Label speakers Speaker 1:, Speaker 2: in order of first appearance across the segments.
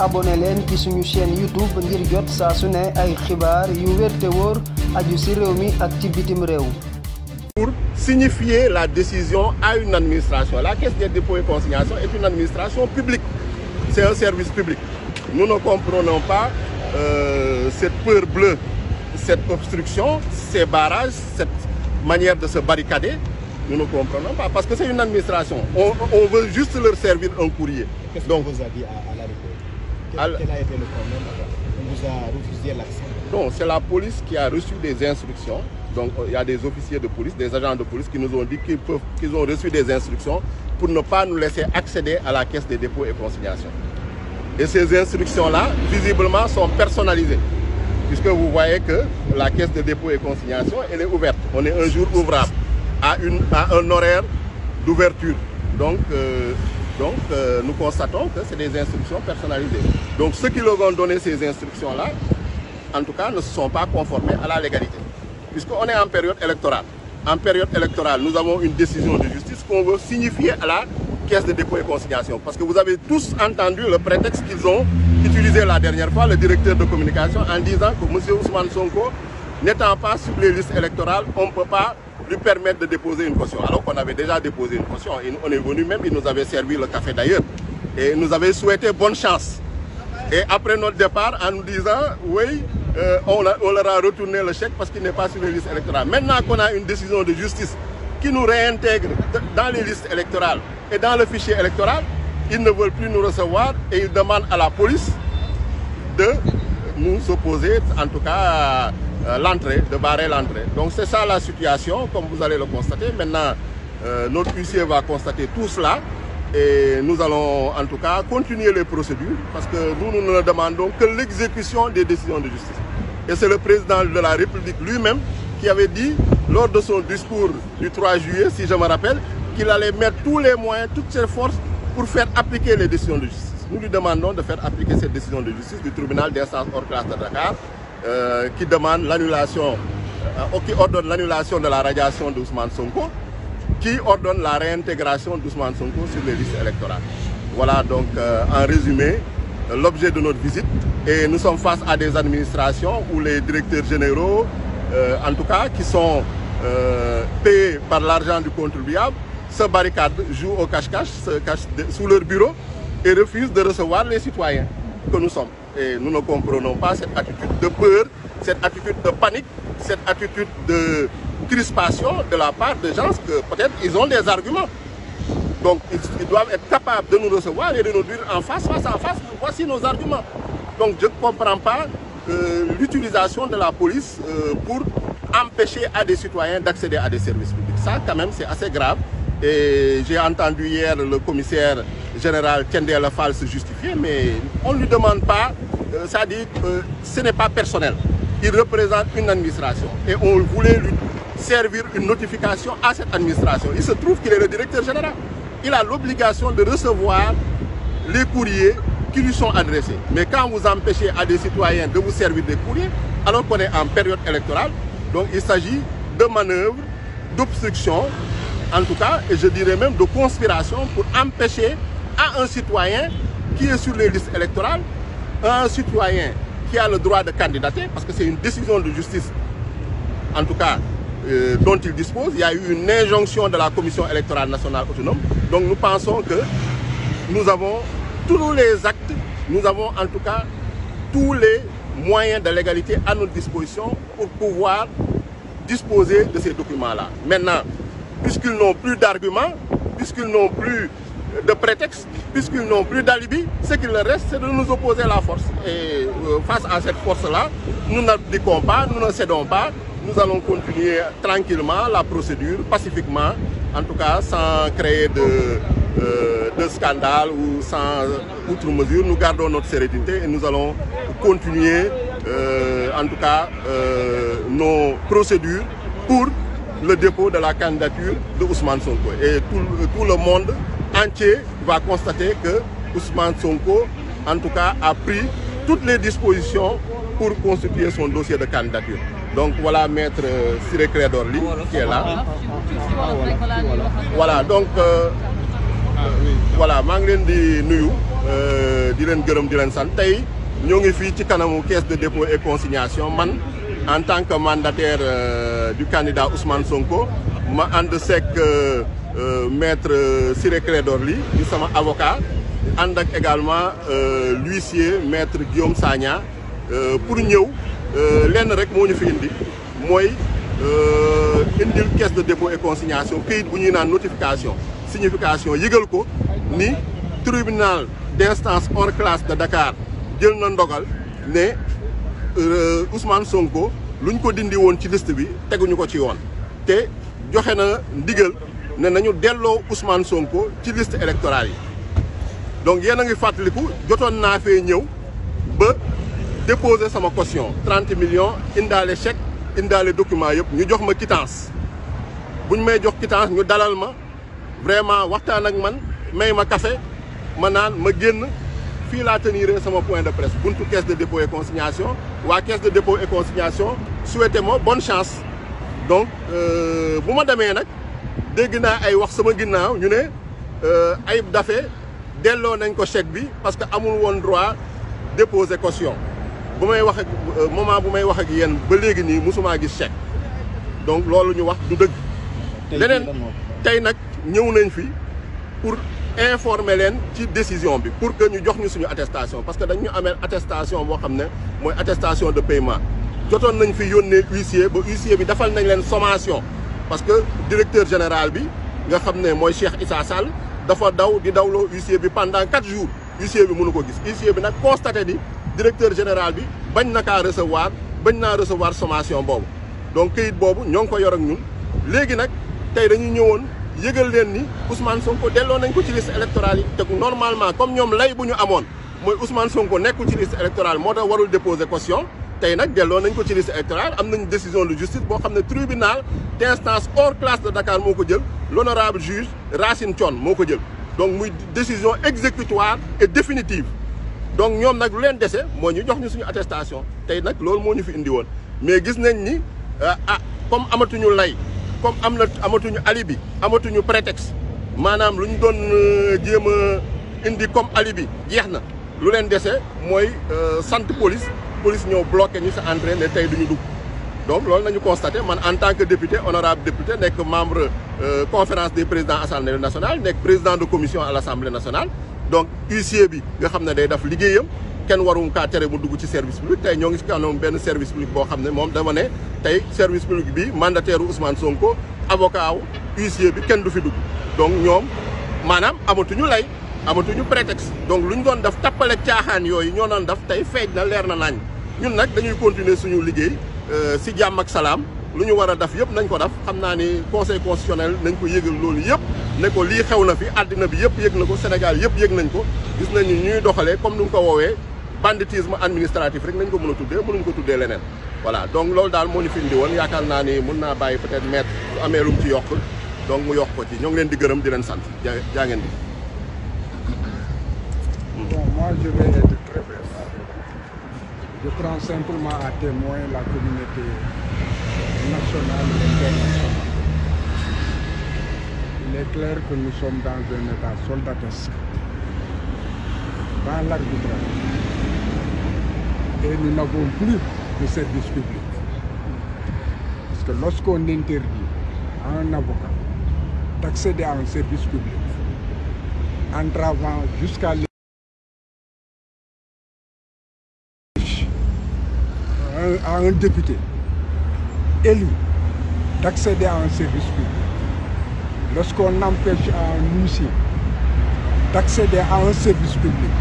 Speaker 1: abonné leen ci suñu chaîne YouTube ngir jot saa su ne ay xibaar yu wér te wóor ci réew mi ak ci bitim réew. pour signifier la décision à une administration la caisse des dépôts et consignations est une administration publique c'est un service public nous ne comprenons pas euh, cette peur bleue cette obstruction ces barrage cette manière de se barricader nous ne comprenons pas parce que c'est une administration on, veut juste leur servir un courrier. Alors, quel, a été c'est la police qui a reçu des instructions. Donc, euh, il des officiers de police, des agents de police qui nous ont dit qu'ils qu'ils ont reçu des instructions pour ne pas nous laisser accéder à la caisse des dépôts et consignations. Et ces instructions-là, visiblement, sont personnalisées. Puisque vous voyez que la caisse de dépôt et consignation, est ouverte. On est un jour ouvrable, à, une, à un horaire d'ouverture. Donc, euh, Donc, euh, nous constatons que c'est des instructions personnalisées. Donc, ceux qui leur ont donné ces instructions-là, en tout cas, ne se sont pas conformés à la légalité. Puisqu'on est en période électorale. En période électorale, nous avons une décision de justice qu'on veut signifier à la caisse de dépôt et Parce que vous avez tous entendu le prétexte qu'ils ont utilisé la dernière fois, le directeur de communication, en disant que M. Ousmane Sonko, n'étant pas lui permettre de déposer une caution. Alors qu'on avait déjà déposé une caution. on est venu même, nous avait servi le café d'ailleurs. Et nous avait souhaité bonne chance. Et après notre départ, en nous disant, oui, euh, on, a, on, leur a retourné le chèque parce qu'il n'est pas sur les listes électorales. a une décision dans les listes électorales et dans le fichier électoral, ils ne veulent plus nous recevoir et ils demandent à la police de nous opposer, en tout cas Euh, l'entrée, de barrer l'entrée. Donc c'est ça la situation, comme vous allez le constater. Maintenant, euh, notre huissier va constater tout cela et nous allons en tout cas continuer les procédures parce que nous, nous ne demandons que l'exécution des décisions de justice. Et c'est le président de la République lui-même qui avait dit lors de son discours du 3 juillet, si je me rappelle, qu'il allait mettre tous les moyens, toutes ses forces pour faire appliquer les décisions de justice. Nous lui demandons de faire de justice du tribunal d'instance hors classe de euh, qui demande l'annulation, euh, qui ordonne l'annulation de la radiation d'Ousmane Sonko, qui ordonne la réintégration d'Ousmane Sonko sur les listes électorales. Voilà donc euh, en résumé euh, l'objet de notre visite. Et nous sommes face à des administrations où les directeurs généraux, euh, en tout cas, qui sont euh, payés par l'argent du contribuable, se barricadent, jouent au cache-cache, se cachent sous leur bureau et refusent de recevoir les citoyens que nous sommes. Et nous ne comprenons pas cette attitude de peur, cette attitude de panique, cette attitude de crispation de la part de gens que peut-être ils ont des arguments. Donc ils, ils, doivent être capables de nous recevoir et de nous dire en face, face à face, voici nos arguments. Donc je ne comprends pas euh, l'utilisation de la police euh, pour empêcher à des citoyens d'accéder à des services publics. Ça quand même c'est assez grave. Et j'ai entendu hier le commissaire général Tiendel Fall se justifier, mais on ne lui demande pas, euh, ça euh, ce n'est pas personnel. Il représente une administration et on voulait lui servir une notification à cette administration. Il se trouve qu'il est le directeur général. Il a l'obligation de recevoir les courriers qui lui sont adressés. Mais quand vous empêchez à des citoyens de vous servir des courriers, alors qu'on est en période électorale, en tout cas, et je dirais même de conspiration pour empêcher à un citoyen qui est sur les listes électorales, à un citoyen qui a le droit de candidater, parce que c'est une décision de justice, en tout cas, euh, dont il y a eu une injonction de la Commission électorale nationale autonome. Donc nous pensons que nous avons tous les actes, en tout cas tous les moyens de légalité à notre disposition pour pouvoir disposer de ces documents-là. puisqu'ils n'ont plus d'arguments, puisqu'ils n'ont plus de prétexte, puisqu'ils n'ont plus d'alibi, ce qu'il leur reste, c'est de nous opposer à la force. Et euh, face à cette force-là, nous n'abdiquons pas, nous ne cédons pas, nous allons continuer tranquillement la procédure, pacifiquement, en tout cas sans créer de, euh, de scandale ou sans outre mesure. Nous gardons notre sérénité et nous allons continuer, euh, en tout cas, euh, nos procédures pour le dépôt de la candidature de Ousmane Sonko. Et tout, tout le monde entier va constater que Ousmane Sonko, en tout cas, a pris toutes les dispositions pour constituer son dossier de candidature. Donc voilà maître Siré euh, Crédorli qui est là. Voilà, donc euh, voilà maa ngi leen di nuyu euh, di leen gërëm di leen sant tey ñoo ngi fii ci kanamu caisse de dépôt et consignation man en tant que mandataire euh, du candidat Ousmane Sonko ma ànd sekk euh, euh, maître Ciré Clédor Ly di sama avocat ànd ak également l'huissier maître Guillaume Sagna pour ñëw lenn rek moo ñu fi indi mooy indil caisse de dépôt et consignation këyit bu ñuy naan notification signification yëgal ko ni tribunal d'instance hors classe de Dakar jël na ndogal ne Euh, Ousmane Sonko lu ñu ko dindi woon ci liste bi teguñu ko ci yoon te joxe na ndigal ne nañu delloo Ousmane Sonko ci liste électorale yi donc yéen a ngi fàttaliku jotoon naa fee ñëw ba déposer sama caution 30 million indaale chèque indaale document yëpp ñu jox ma quittance bu ñu may jox quittance ñu dalal ma vraiment waxtaan ak man may ma kase ma naan ma génn fii laa sama point de presse buntu caisse de dépôt et consignation waa caisse de dépôt et consignation souhaité ma bonne chance euh, bu ma demee nag dégg naa ay wax sama ginnaaw ñu ne euh, ay Daffé delloo nañ ko chèque bi parce que amul woon droit déposer caution bu may wax ak euh, moment bu may wax ak yéen ba léegi nii mosumaa gis chèque donc loolu ñu wax du dëgg leneen tey nag ñëw nañ fi pour informer leen ci décision bi pour que ñu jox ñu suñu attestation parce que dañu amee attestation boo xam ne mooy attestation de paiement jotoon nañ fi yónnee huissier ba huissier bi defal nañ leen sommation parce que directeur général bi nga xam ne mooy Cheikh Issa Sall dafa daw di dawloo huissier bi pendant quatre jours huissier bi mënu ko gis huissier bi nag constaté ni directeur général bi bañ na kaa recevoir bañ naa recevoir sommation boobu donc këyit boobu ñoo ngi ko yor ak ñun léegi nag tey dañu ñëwoon. yëgal leen ni Ousmane Sonko delloo nañ ko ci liste électorale te te normalement comme ñoom lay bu ñu amoon mooy Ousmane Sonko nekkul ci liste électorale moo tax warul déposer caution tey nag delloo nañ ko ci liste électorale am nañu décision de justice boo xam ne tribunal d'instance hors classe de Dakar moo ko jël l'honorable juge Racine Thion moo ko jël donc muy décision exécutoire et définitive donc ñoom nag lu leen dese moo ñu jox ñu suñu attestation tey nag loolu moo ñu fi indi woon mais gis nañ ni euh, ah comme amatuñu lay comme am na amatuñu alibi amatuñu prétexte maanaam lu ñu doon euh, jéem a indi comme alibi jeex na lu leen dese mooy euh, sant police police ñëw bloqué ñu sa entrée ne tey duñu dugg donc loolu nañu constaté man en tant que député honorable député nekk membre euh, conférence des présidents assemblée nationale nekk président de commission à l' assemblée nationale donc huissier bi nga xam ne day def liggéeyam kenn warum kaa tere mu dugg ci service public tey ñoo ngi si kanam benn service public boo xam ne moom dama ne tey service public bi mandataire Ousmane Sonko ko wu huissier bi kenn du fi dugg donc ñoom maanaam amatuñu lay amatuñu prétexte donc lu ñu doon def tappale caaxaan yooyu ñoo doon def tey feej na leer na nañ ñun nag dañuy continuer suñu liggéey euh, si jàmm ak salaam lu ñu war a def yëpp nañ ko def xam naa ni conseil constitutionnel nañ ko yëgal loolu yëpp ne lii xew na fi àddina bi yëpp na ko Sénégal yëpp yëg nañ ko gis nañu ñuy doxalee comme ni mu ko woowee banditisme administratif rek nañ ko mën a tuddee mënuñ ko tuddee leneen voilà donc loolu daal moo ñu fi woon yaakaar naa ni mun naa bàyyi peut-être maître mu ci yokk donc mu yokk ko ci ñoo leen di gërëm di leen sant jaa ngeen di
Speaker 2: bon moi je vais être très bref je prends simplement à témoin la communauté nationale et internationale il est clair que nous dans un état soldatesque dans l'arbitraire et nous n'avons plus de service public. Parce que lorsqu'on interdit à un avocat d'accéder à un service public, entravant jusqu'à à un à un service public, lorsqu'on empêche à un huissier d'accéder à un service public,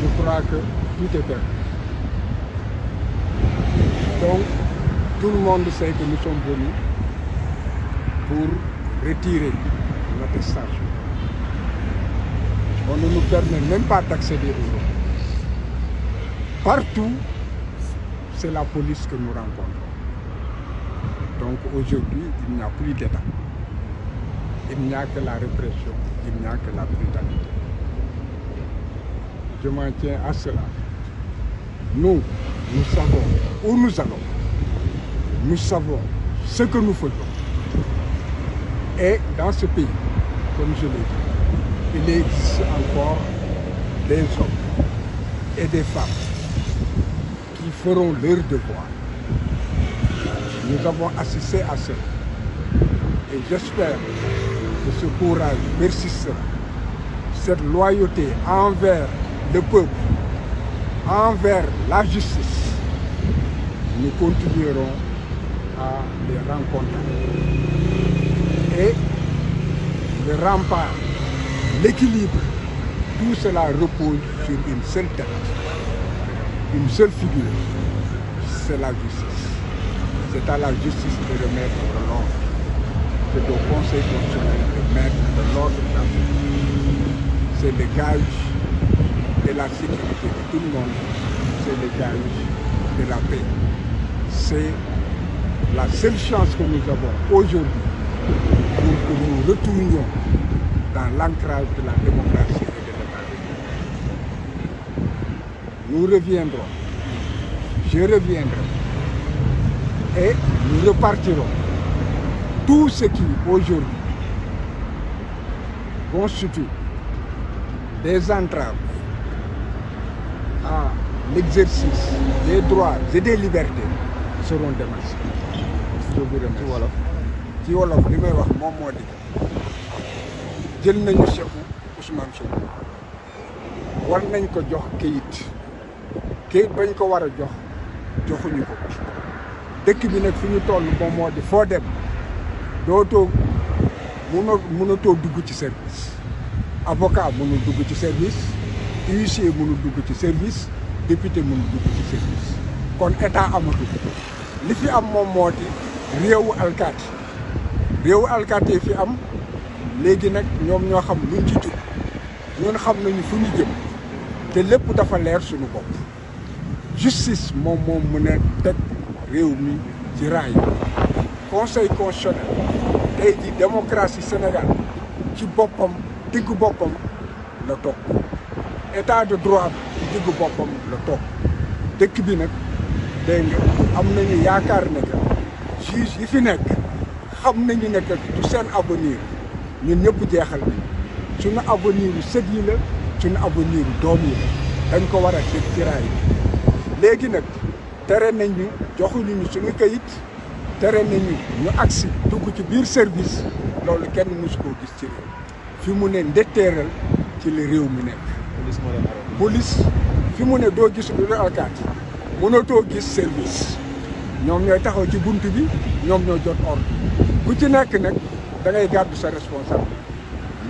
Speaker 2: je crois que tout est permis. Donc, tout le monde sait que nous sommes venus pour retirer l'attestation. On ne permet même pas Partout, c'est la police que nous rencontrons. Donc aujourd'hui, il n'y a d'État. Il n'y que la répression, il n'y que la brutalité. Je m'en tiens à cela. Nous, nous savons où nous allons. Nous savons ce que nous faisons. Et dans ce pays, comme je l'ai dit, il existe encore des hommes et des femmes qui feront leur devoir. Nous avons assisté à cela. Et j'espère que ce courage persistera. Cette loyauté envers le peuple envers la justice, nous continuerons à les rencontrer. Et le rempart, l'équilibre, tout cela repose sur une seule tête, une seule figure, c'est la justice. C'est à la justice de remettre l'ordre, c'est Conseil constitutionnel de mettre de l'ordre. C'est le gage et la sécurité de tout le monde, c'est le gage de la paix. C'est la seule chance que nous avons aujourd'hui nous retournions dans l'ancrage de la démocratie et de la République. Nous reviendrons, je reviendrai, et nous repartirons. Tout ce qui aujourd'hui constitue des entraves en l'exercice des droits et des libertés seront démasqués. je vous ci wolof ci wolof li may wax moom moo di jël nañu chefu Ousmane Sonko war nañ ko jox kayit kayit bañ ko war a jox joxuñu ko dëkk bi nag fi ñu toll moom moo di foo dem dootoo mënoo mënatoo dugg ci service avocat mënul dugg ci service huissier mënul dugg ci service député mënul dugg ci service kon état amatul li fi am moom moo di réewu alkaati réewu alkaati fi am léegi nag ñoom ñoo xam luñ ci jub ñun xam nañu fu ñu jëm te lépp dafa leer suñu bopp justice moom moom mën a teg réew mi ci raay conseil constitutionnel tey ji démocratie Sénégal ci boppam diggu boppam la toog état de droit bi diggu boppam la toog dëkk bi nag dégg nga am nañu yaakaar ne que yi fi nekk xam nañu ne que seen avenir ñun ñëpp jeexal nañu suñu avenir yu sët yi la suñu avenir yu doom yi la dañ ko war a teg ci raay bi léegi nag tere nañu joxuñu ñu suñu kayit tere nañu ñu agsi dugg ci biir service loolu kenn mësu koo gis ci réew fi mu ne ndetteeral ci li réew mi nekk police fi mu ne doo gis lu dul alkaati mënatoo gis service ñoom ñooy taxaw ci bunt bi ñoom ñoo jot ordre ku ci nekk nag da gàddu sa responsabilité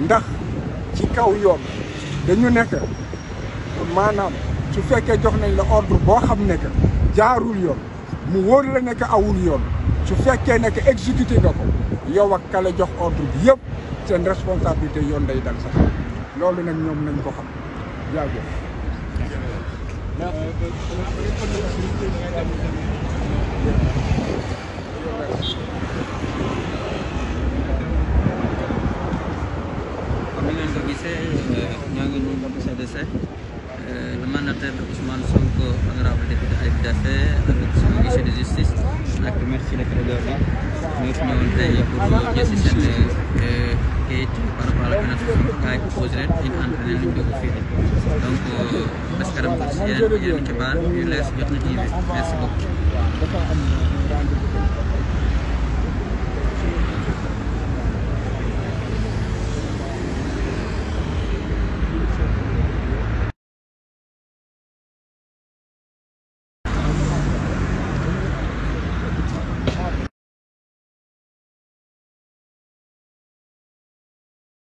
Speaker 2: ndax ci kaw yoon dañu nekk maanaam su fekkee jox nañ la ordre boo xam ne que jaarul yoon mu wóor la nekk awul yoon su fekkee nekk exécuté nga ko yow ak kale jox ordre bi yëpp seen responsabilité yoon day dal sax loolu nag ñoom nañ ko xam jaajëf
Speaker 1: መስከረም ድረስ የሚከባል ዩለስ ይቅንዲ ቤተሰቦች